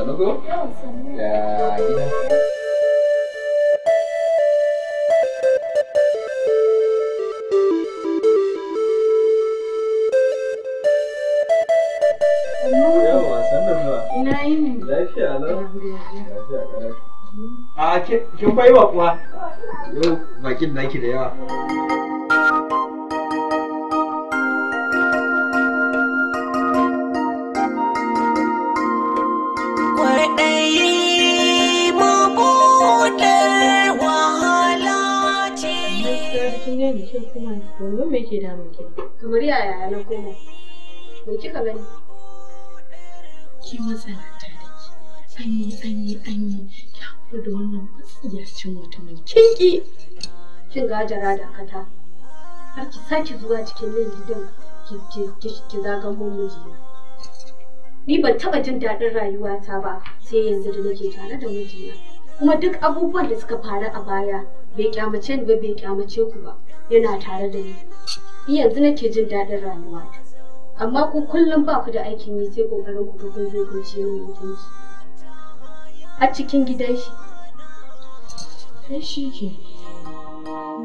Oh, sannu ko? Ya gida. Ina yi ne. Lafiya lau. Lafiya ƙarar. kin bai wa kuwa? Yau bakin naki da yawa. Wannan me ke damun ki? Kamar yaya na koma. Me kika gani? Ki masana'anta da ki. Anyi anyi anyi ki haƙura da wannan matsiyacin wata mai kinki. Kin ga jara da kata. Har ki sake zuwa cikin nan gidan ki zagan mun mijina. Ni ban taɓa jin daɗin rayuwata ba sai yanzu da nake tare da mijina. Kuma duk abubuwan da suka faru a baya bai kyamace ni ba bai kyamace ku ba. yana tare da ni. Ni yanzu nake jin daɗin rayuwa. Amma ku kullum ba ku da aikin yi sai ƙoƙarin ku kun zai kunce min mutunci. A cikin gidan shi. Sai shi ke.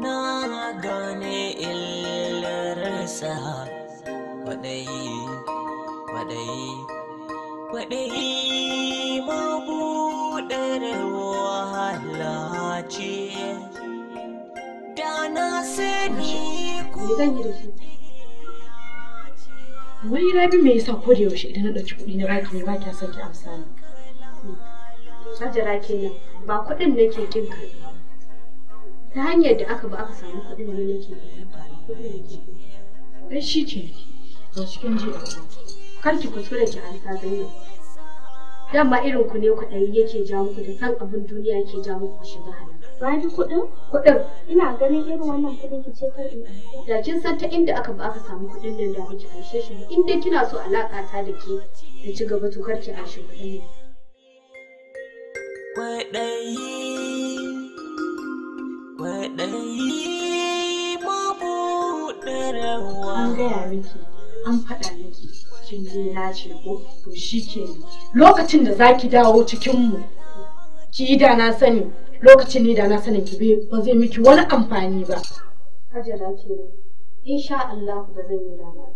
Na gane illarsa wadai wadai kwaɗayi mabuɗar wahala ce. da na sani ku yi wai rabi me yasa ko da yaushe idan na ɗauki kuɗi na baki ne ba kya son amsa sajara kenan ba kuɗin nake kin ta hanyar da aka ba aka samu kuɗin ne nake ai shi ke ga cikin ji kar ki kuskure ki amsa Dan ma irin ku ne kwaɗayi yake ja muku da san abin duniya yake ja muku shiga halal Ba ni kuɗin? Kuɗin. Ina ganin irin wannan kuɗin ki ce kar in Da kin san ta inda aka aka samu kuɗin nan da miki anshe shi in dai kina so alaƙa ta da ke da ci gaba to kar ki anshe kuɗin nan. Kwaɗayi, kwaɗayi An gaya miki, an faɗa miki. Kin je na ce ko to shi ke lokacin da za ki dawo cikinmu ki yi da na sani lokacin ne da na sanin ki ba zai miki wani amfani ba hajjara ke insha Allah ba zan yi rana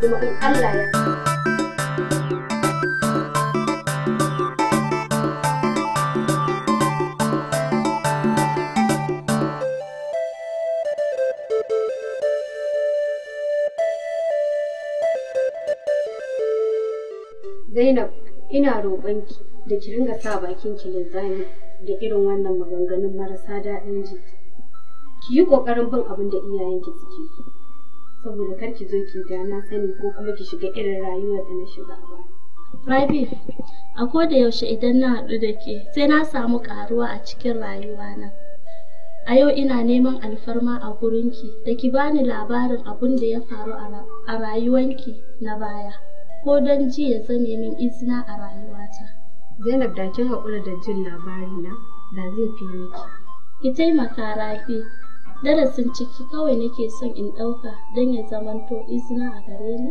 kuma in Allah ya Zainab, ina roƙonki da ki ringa sa bakin ki linzami da irin wannan maganganun marasa daɗin ji ki yi ƙoƙarin bin abin da iyayenki suke so saboda kar ki zo ki da na sani ko kuma ki shiga irin rayuwar da na shiga a baya Rabi, a koda yaushe idan na haɗu da ke sai na samu ƙaruwa a cikin rayuwa na. A yau ina neman alfarma a gurinki da ki bani labarin abun da ya faru a rayuwanki na baya, ko don ji ya zame min izina a rayuwa. Zainab da kin haƙura da jin labari na da zai fi miki. Ki taimaka Rafi, darasin ciki kawai nake son in ɗauka don ya zamanto izina a gare ni.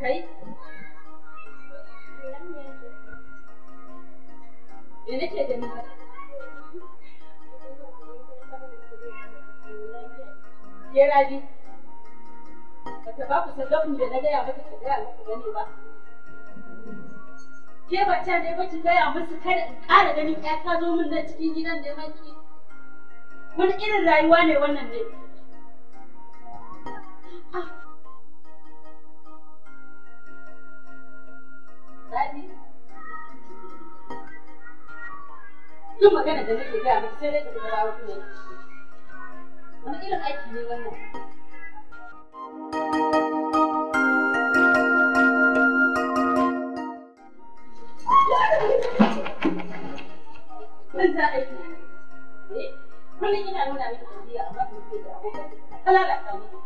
Kai? Me nake da na Ke rabi? Bata ba ku sadafin da na gaya mata ta gaya muku gani ba. Ke ba ne ba gaya musu kada in ƙara ganin ƴa ta zo min nan cikin gidan da maki. Wani irin rayuwa ne wannan ne? Duk magana da nake gaya miki sai dai ka fita bawa kuma. Wani irin aiki ne wannan? Mun za aiki. Eh, kullum ina nuna miki tafiya amma ba ke da abokan. Kala da tafiya.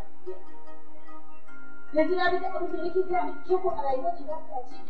Yanzu na bi da abin da nake gaya miki ko a rayuwar ki ba ta ce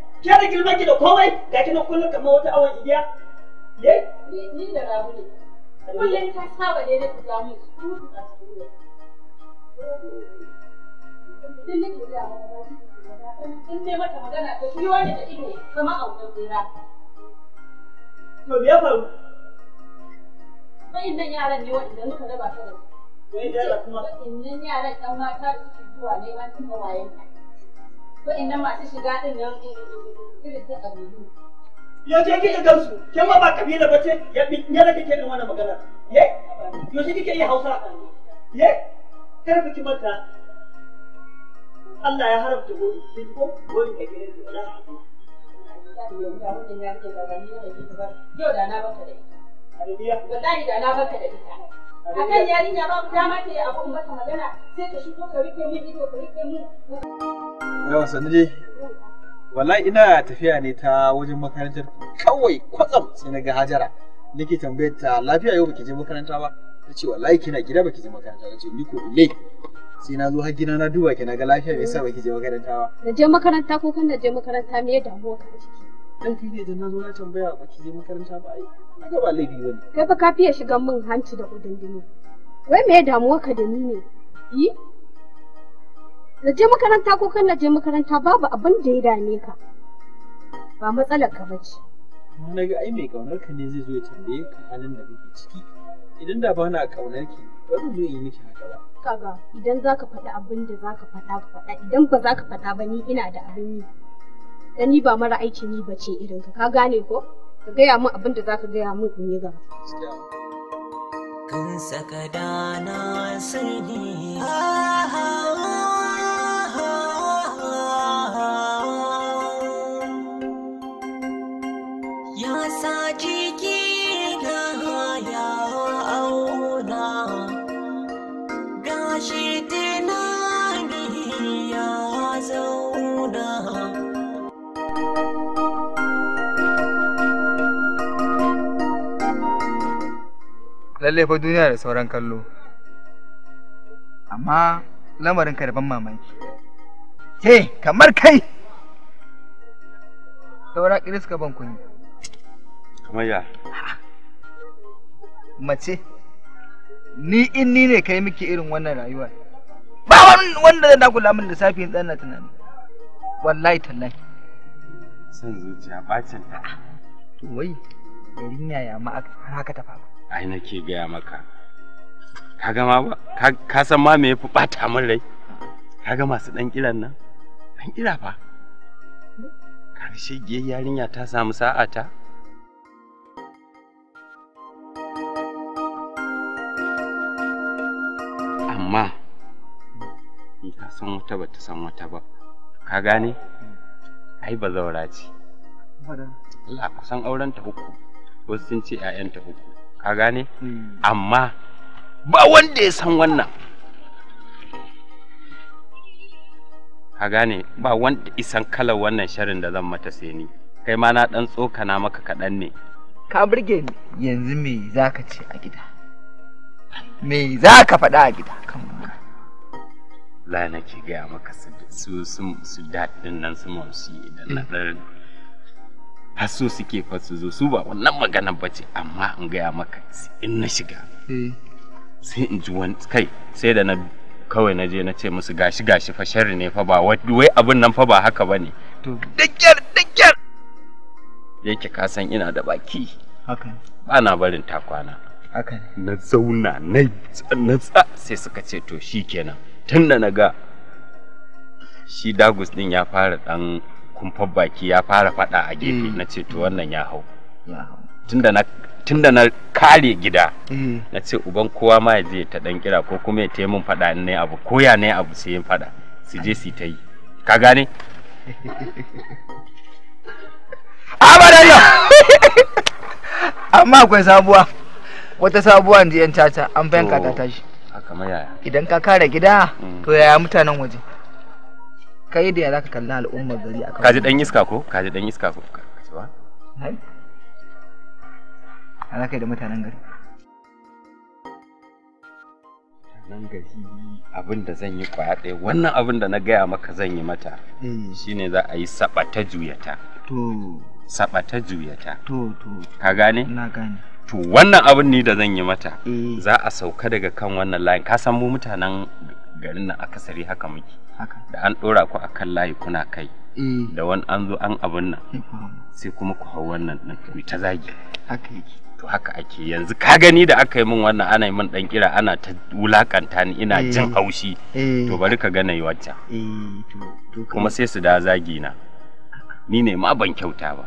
ke da girma ki da komai ga ki nan kullum kamar wata awon igiya ye ni da rabu ne kullum ta saba ne da ku ga mu su a cikin ne idan nake da in ne mata magana ta shi wani da ido kamar auren bera to me ya faru wayannan yaran ne wanda muka raba ta da su wayannan yaran kuma wayannan yaran dan mata da suke zuwa neman cin mawayanta wa'annan masu shiga din nan eh, irin ta kabilu je kike gamsu kin ma ba kabila ba ce ya ne da kike wannan magana ye yau je kike yi Hausa ye kar biki mata Allah ya haramta gobe kin ko gobe ka gire ki da Yau da na baka da ita. da na baka da ita. A kan yarinya babu dama ta yi abun mata magana sai ka shigo ka rike min ido ka rike min. yawan sanu dai wallahi ina tafiya ne ta wajen makarantar kawai kwatsam sai na ga hajara nake tambayar ta lafiya yau baki je makaranta ba ta ce wallahi kina gida baki je makaranta ba ce ni ko ile sai na zo har gina na duba ki na ga lafiya me yasa baki je makaranta ba da je makaranta ko kan da je makaranta me ya damuwa ka ciki dan kai ne da na zo na tambaya baki je makaranta ba ai na ga ba laifi bane kai ba ka fiye shiga min hanci da kudin dini wai me ya damuwa ka da ni ne yi na je makaranta ko kan na je makaranta babu abin da ya dame ka ba matsalar ka bace amma na ga ai mai kaunar ka ne zai zo ya tambaye ka halin da kake ciki idan da ba na kaunar ki ba zan zo yi miki haka ba kaga idan zaka faɗi abin da zaka faɗa ka faɗa idan ba zaka faɗa ba ni ina da abin yi dan ni ba mara aiki ni bace irin ka ka gane ko ka gaya min abin da zaka gaya min in yi gaba kan saka dana sirri lallai fa duniya da sauran kallo amma lamarin ka ban mamaki ke kamar kai saura kiris ka ban kunyi kamar ya mace ni in ni ne kai miki irin wannan rayuwar ba wanda zai dakula min lissafi in na tunani wallahi tallahi son zuciya bacin ta to wai garin yaya ma haka ta faru ai nake gaya maka ka gama ka san ma me ya fi bata min rai ka ga masu dan kiran nan dan kira fa karshe giye yarinya ta samu sa'a ta amma in ka san wata ba ta san wata ba ka gane ai ba zaura ce Allah kusan auren ta uku wasu sun ce 'ya'yanta uku ka gane hmm. amma ba wanda ya san wannan ka gane ba wanda isan kalar wannan sharin da zan mata sai ni kai ma na dan tsokana maka kaɗan ne ka burge ni yanzu me za ka ce a gida me za ka faɗa a gida kan la nake gaya maka su su su daɗin nan su mamsi idan na hmm. ɗan har suke fa su zo su ba wannan maganar ba amma in gaya maka in na shiga eh. sai in ji wani kai sai da na kawai na je na ce musu gashi gashi fa sharri ne fa ba wai abin nan fa ba haka bane to dakyar dakyar yake ka san ina da baki haka ba na barin takwana haka na zauna na na sai suka ce to shikenan tun da na ga shi dagus din ya fara dan kumfar baki ya fara faɗa a gefe mm. na ce to wannan ya hau tunda na tunda na kare gida mm. na ce uban kowa ma ya je ta dan kira ko kuma ya taya min faɗa in ne abu ko ya ne abu sai yin faɗa su je su ta yi ka gane abadan amma akwai sabuwa wata sabuwa da yan caca an bayan ka ta tashi idan ka kare gida mm. to yaya mutanen waje kai da ya za ka kalli al'ummar gari akan kaji dan iska ko kaji dan iska ko kasuwa hai ana kai da mutanen gari nan gari abin da zan yi kwaya ɗaya wannan abin da na gaya maka zan yi mata eh. shine za a yi saɓata juyata to saɓata juyata to to ka gane na gane to wannan abin ne da zan yi mata eh. za a sauka daga kan wannan layin ka san mu mutanen garin nan akasari haka muke da an ɗora ku kan layi kuna kai eh. da wani an zo an abin nan sai kuma ku hau wannan nan ku ta zagi to haka ake yanzu ka gani da aka yi min wannan ana yi min dan kira ana ta wulakanta ni ina eh. jin haushi eh. to bari ka gana yi wacce kuma sai su da zagi na ni ne ma ban kyauta ba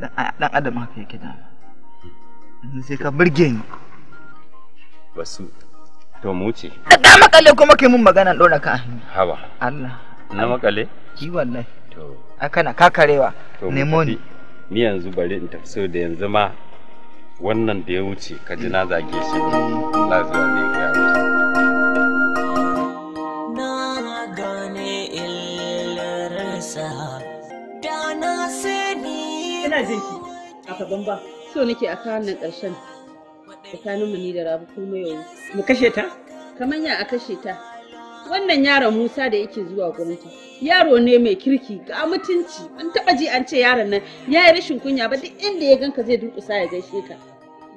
dan adam haka yake da sai ka burge ni basu To mu ce. Da makale kuma ke mun magana ɗora ka Haba. Allah. Na makale? Ki wallahi. To. A kana kakarewa. Nemo ni. Ni yanzu bari in tafi da yanzu ma wannan da ya wuce ka ji na zage shi. Lafiya ne ka Na gane illarsa da na sani. Ina jinki. Aka bamba. So nake a kawo nan ƙarshen. tsakanin mu ni da rabu komai yau mu kashe ta kamar ya a kashe ta wannan yaron Musa da yake zuwa gwamnati yaro ne mai kirki ga mutunci an taba ji an ce yaron nan ya yi rashin kunya ba duk inda ya ganka zai durƙusa ya gaishe ka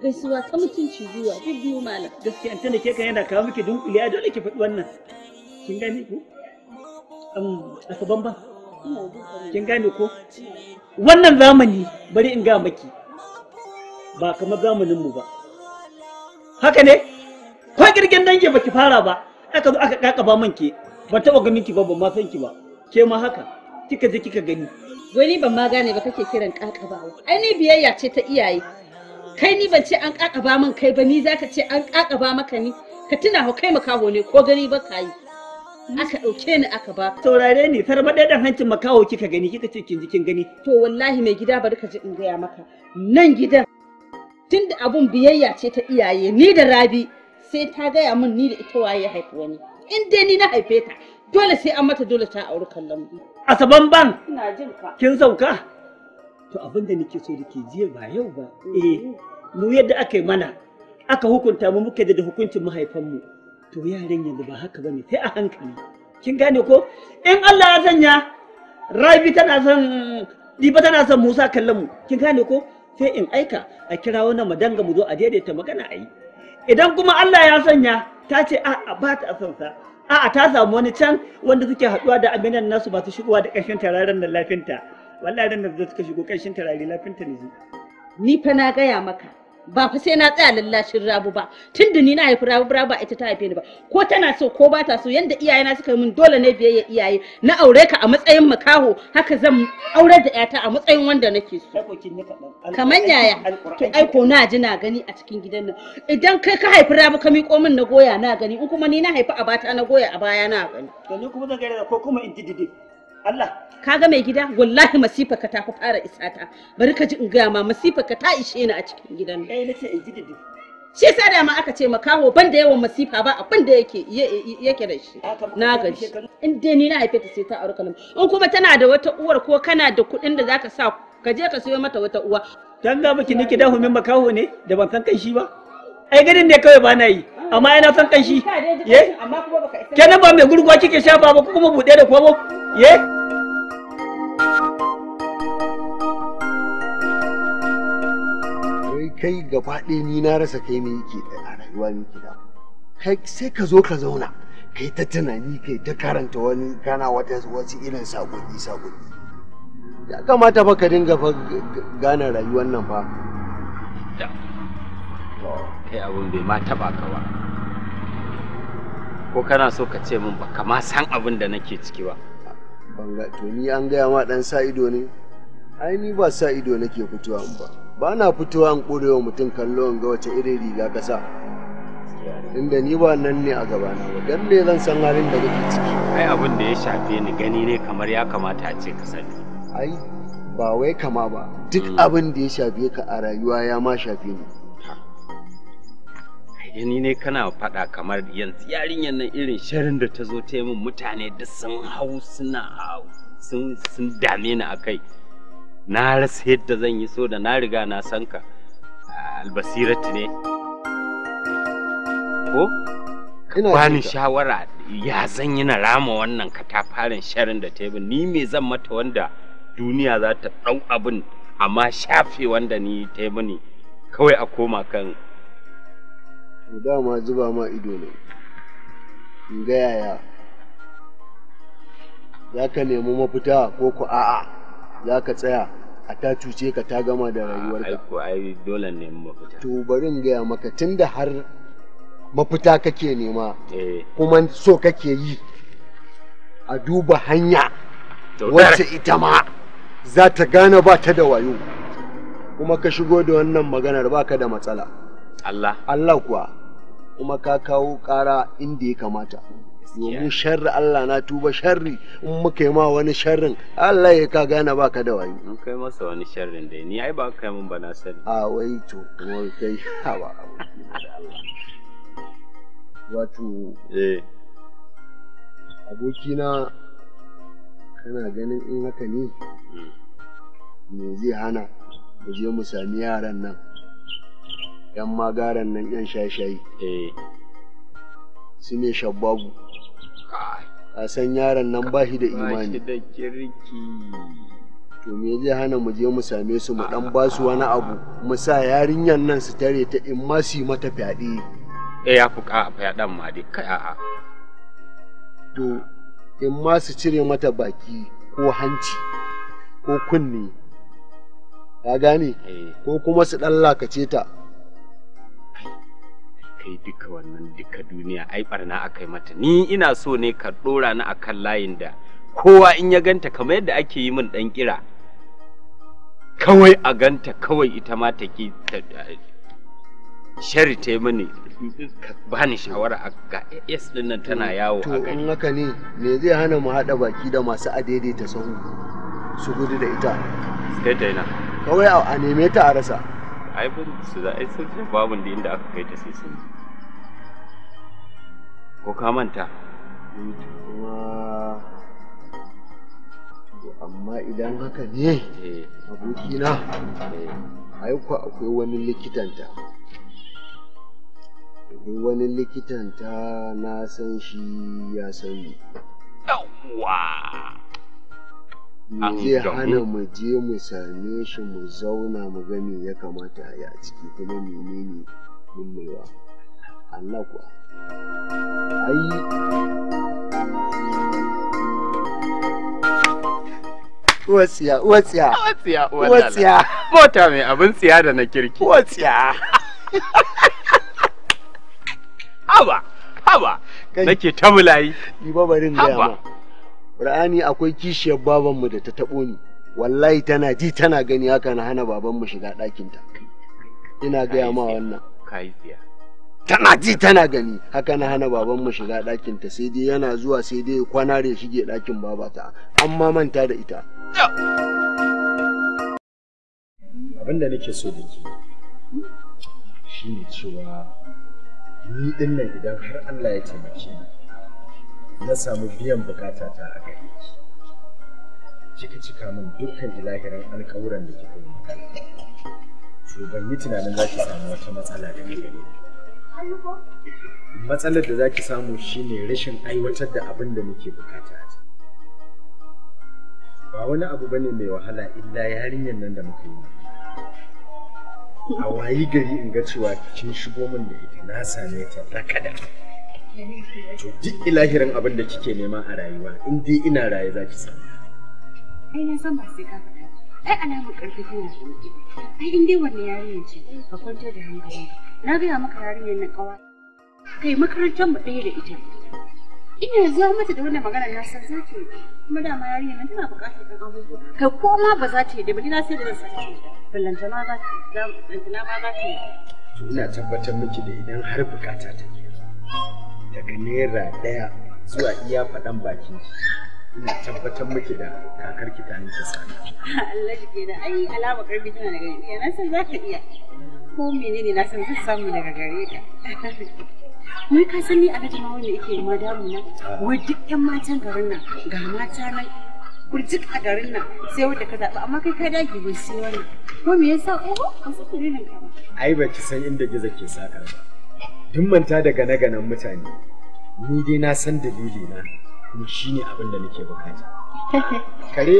gaisuwa ta mutunci zuwa duk biyu malam gaskiya tunda ke kan yana kawo miki dunkule a dole ki faɗi wannan kin gane ko um asaban ba kin gane ko wannan zamani bari in ga maki ba kamar zamanin mu ba haka ne ko girgin dange baki fara ba aka zo aka kaka ba manke ban taba ganin ki ba ban ma san ki ba ke ma haka kika je kika gani wani ban ma gane ba kake kiran kakabawa ai ni biyayya ce ta iyaye kai ni ban ce an kakaba min kai ba ni zaka ce an kakaba maka ni ka tuna ho kai makaho ne ko gani ba ka yi aka ɗauke ni aka ba saurare ni tarba ɗaya hancin makaho kika gani kika ce kin ji kin gani to wallahi mai gida ba ka ji in gaya maka nan gidan tunda abun biyayya ce ta iyaye ni da rabi sai ta gaya min ni da ita waye haifi wani in dai ni na haife ta dole sai an mata dole ta auri kallon asaban ban ina jin ka kin sauka to abin da nake so da ke jiya ba yau ba eh mu yadda aka yi mana aka hukunta mu muke da hukuncin mahaifanmu to yaran yanzu ba haka bane sai a hankali kin gane ko in Allah ya sanya rabi tana son diba tana son Musa kallon mu kin gane ko sai in aika a kira wannan madanga mu zo a daidaita magana a yi idan kuma Allah ya sanya ta ce a ba ta son sa a'a ta samu wani can wanda suke haɗuwa da abinan nasu ba su shigowa da ƙarshen tararen da lafinta wallahi da suka shigo ƙarshen tarare lafinta ne ni fa na gaya maka ba fa sai na tsaya lallashin rabu ba tunda ni na haifi rabu rabu ba ita ta haife ni ba ko tana so ko ba ta so yanda na suka yi min dole ne biyayya iyaye na aure ka a matsayin makaho haka zan aure da yata a matsayin wanda nake so kaman yaya to ai ko na ji na gani a cikin gidan nan idan kai ka haifi rabu ka miƙo min na goya na gani in kuma ni na haifi a bata na goya a baya na gani to ni kuma zan gaira ko kuma in Allah ka ga mai gida wallahi masifa ka ta fi fara isata bari ka ji in gaya ma masifa ka ta ishe ni a cikin gidan eh nace in ji didi shi yasa da ma aka ce makaho ban da yawan masifa ba abin da yake yake da shi na gaji in dai ni na haife ta sai ta aure kalam in kuma tana da wata uwar ko kana da kuɗin da zaka sa ka je ka sayo mata wata uwa dan ga miki niki dahu min makaho ne da ban san kai shi ba ai garin ne kawai ba na yi amma yana son kanshi ye kenan ba mai gurguwa kike shafa ba kuma buɗe da komo ye kai gaba ɗaya ni na rasa kai ne yake a rayuwa ne da kai sai ka zo ka zauna kai ta tunani kai ta karanta wani kana wata wasu irin sakonni sakonni ya kamata fa ka dinga fa gane rayuwar nan fa kai abin bai ma taba ka ba ko kana so ka ce min ba ka ma san abin da nake ciki ba banga to ni an gaya ma dan sa ido ne ai ni ba sa ido nake fitowa in ba ba na fitowa in korewa mutum kallo in ga wace irin riga ka sa inda ni ba nan ne a gabana ba dan me zan san halin da kake ciki ai abin da ya shafe ni gani ne kamar ya kamata a ce ka sani ai ba wai kama ba duk mm. abin da ya shafe ka a rayuwa ya ma shafe ni Eh, ni ne kana faɗa kamar yanzu yarinyar nan irin shirin da ta zo ta yi min mutane da sun hau suna sun sun dame ni akai na rasa yadda zan yi so da na riga na san ka ah, albasiratu ne ko ni shawara ya zan yi na rama wannan katafaren sharin da ta yi ni me zan mata wanda duniya za ta ɗau abin amma shafe wanda ni ta yi kawai a koma kan to dama zuba ma ido ne in ga yaya za ka nemi mafita ko ku a'a za ka tsaya a ta cuce ka ta gama da rayuwarka aiko ai dole ne mafita to bari in gaya maka tunda har mafita kake nema eh. kuma so kake yi a duba hanya wacce ita ma za ta gane ba ta da wayo kuma ka shigo da wannan maganar baka da matsala Allah Allah kuwa kuma ka kawo ƙara inda ya kamata domin sharri Allah na tuba sharri in muka yi ma wani sharrin Allah ya ka gane ka da wayo in kai masa wani sharrin dai ni ai ba ka kai mun ba na sani a wai to kuma kai hawa wato eh abokina kana ganin in haka ne hmm. me zai hana mu je mu sami yaran nan 'yan magaran nan 'yan shashayi eh. su ne shabbabu a san yaron nan ba shi da imani to me zai hana mu je mu same su mu dan ah. ba su wani abu mu sa yarinyar nan su tare ta in ma su yi mata fyaɗe eh ya fi ƙa'a fyaɗan ma dai kai a'a to in ma su cire mata baki ko hanci ko kunne ka gane eh. ko kuma su ɗan lakace ta kai duka wannan duka duniya ai barna akai mata ni ina so ne ka dora ni akan layin da kowa in ya ganta kamar yadda ake yi min dan kira kawai a ganta kawai ita ma ta ki shari ta mini ka bani shawara a ga yes din nan tana yawo a gari to in haka ne me zai hana mu haɗa baki da masu adaidaita sahu su gudu da ita sai ta ina kawai a neme ta a rasa ai ban su za a sun ce babun da inda aka kai ta sai sun ko ka manta kuma amma idan haka ne eh. abokina eh. ai ku akwai wani likitanta akwai wani likitanta na san shi ya ni yawwa Mm. zai hana mu je mu same shi mu zauna mu ga me ya kamata a yi a ciki kuma menene kullewa Allah kuwa ai Uwatsiya, uwatsiya. Uwatsiya, uwatsiya. Mota mai abin tsiya da na kirki. Uwatsiya. Haba, haba. Nake ta mulayi. Ni ba gaya ma. Qur'ani akwai kishiyar babanmu da ta taɓo ni wallahi tana ji tana gani haka na hana babanmu shiga ɗakinta ina gaya ma wannan tana ji tana gani haka na hana babanmu shiga ɗakinta sai dai yana zuwa sai dai kwana da shige ɗakin babata an ma manta da ita abin da nake so da ke shine cewa ni ɗin nan idan har Allah ya taimake ni na samu biyan bukata ta a gare cika cika min dukkan ilahirin alƙawuran da kika yi to ban yi tunanin za ki samu wata matsala da gare matsalar da za ki samu shine rashin aiwatar da abin da muke bukata ba wani abu bane mai wahala illa yarinyar nan da muka yi a wayi gari in ga cewa kin shigo min da ita na same ta rakada. to duk ilahirin abin da kike nema a rayuwa in dai ina raye za ki samu ai na san ba sai ka faɗa ai alamar ƙarfi tana da ai in dai wannan yarinya ce ka kwanta da hankali na gaya maka yarinyar na ƙawa kai makarantar mu ɗaya da ita ina zuwa mata da wannan magana na san zaki kuma ma yarinya nan tana buƙatar kan abubuwa kai ko ma ba za ta yi da ba ni na sai da zan sace ballanta ma za ta ballanta ma za ta yi ina tabbatar miki da idan har bukata ta ke daga naira ɗaya zuwa iya faɗan bakin ki ina tabbatar miki da kakar ki ta yanke sani Allah shi kenan ai alama karfi tana daga iya na san zaka iya ko menene na san zan samu daga gare ka wai ka san ni a ma wanda yake madamu na wai duk yan matan garin nan ga mata nan kurjik a garin nan sai wanda ka zaɓa amma kai ka dage bai sai wannan ko me yasa oho ba su nan ka ba ai ba ki san inda gizo ke saka ba duk manta da gane-ganen mutane ni dai na san dalili na kuma shine abin da nake bukata kare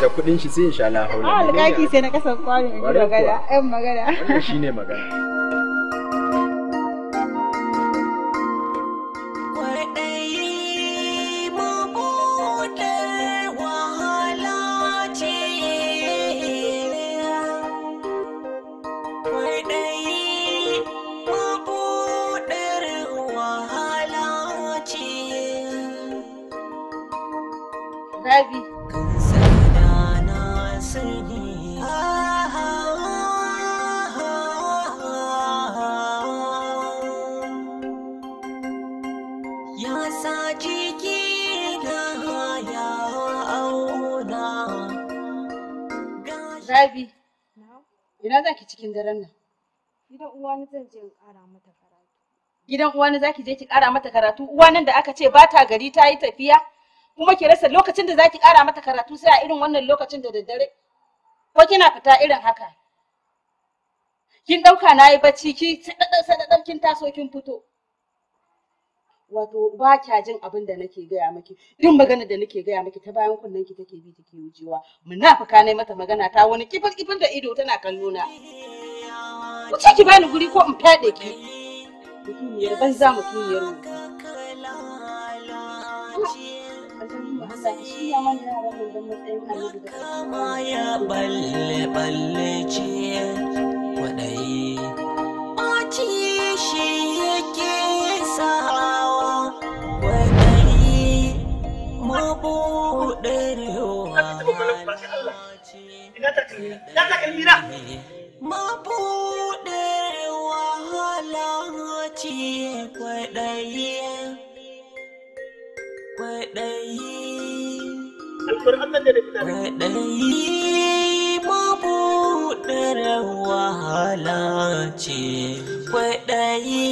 da kudin shi sai insha Allah haula ah, alƙaƙi sai na kasan kwano magana yan magana wannan shine magana Rabi, ina za ki cikin daren nan? Gidan uwani zan je ƙara mata karatu. Gidan uwani za ki je ki ƙara mata karatu? Uwanin da aka ce ba ta gari ta yi tafiya? Kuma ki rasa lokacin da za ki ƙara mata karatu sai a irin wannan lokacin da daddare? Ko kina fita irin haka? Kin ɗauka na yi bacci ki sai kin taso kin fito. wato ba kya jin abin da nake gaya maki duk magana da nake gaya maki ta bayan kunnen ki take bi take wucewa munafika ne mata magana ta wani kifin kifin da ido tana kallo na wuce ki bani guri ko in fade ki mutumiyar banza mutumiyar mu ya balle balle ce Mabuɗin wahala ce kwaɗayi, kwaɗayi, kwaɗayi mabuɗin wahala ce kwaɗayi,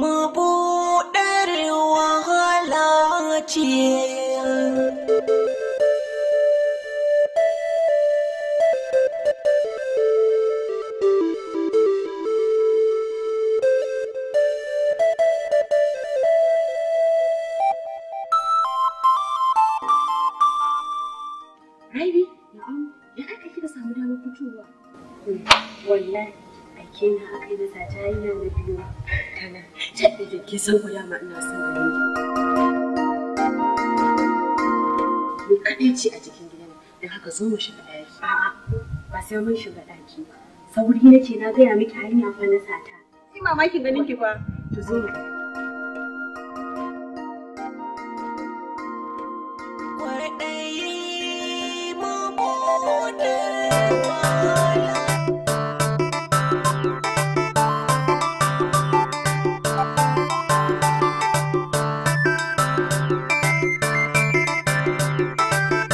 mabuɗar wahala ce. ke na aka yi nasa ta na biyu Tana ta da ke san ku dama ina son ganin ni kaɗai ce a cikin gidan don haka zo mu shiga ɗaki ba sai mun shiga ɗaki ba sauri nake na gaya miki hanya fa na sata. Ni mamakin ganin ki fa. To zo mu.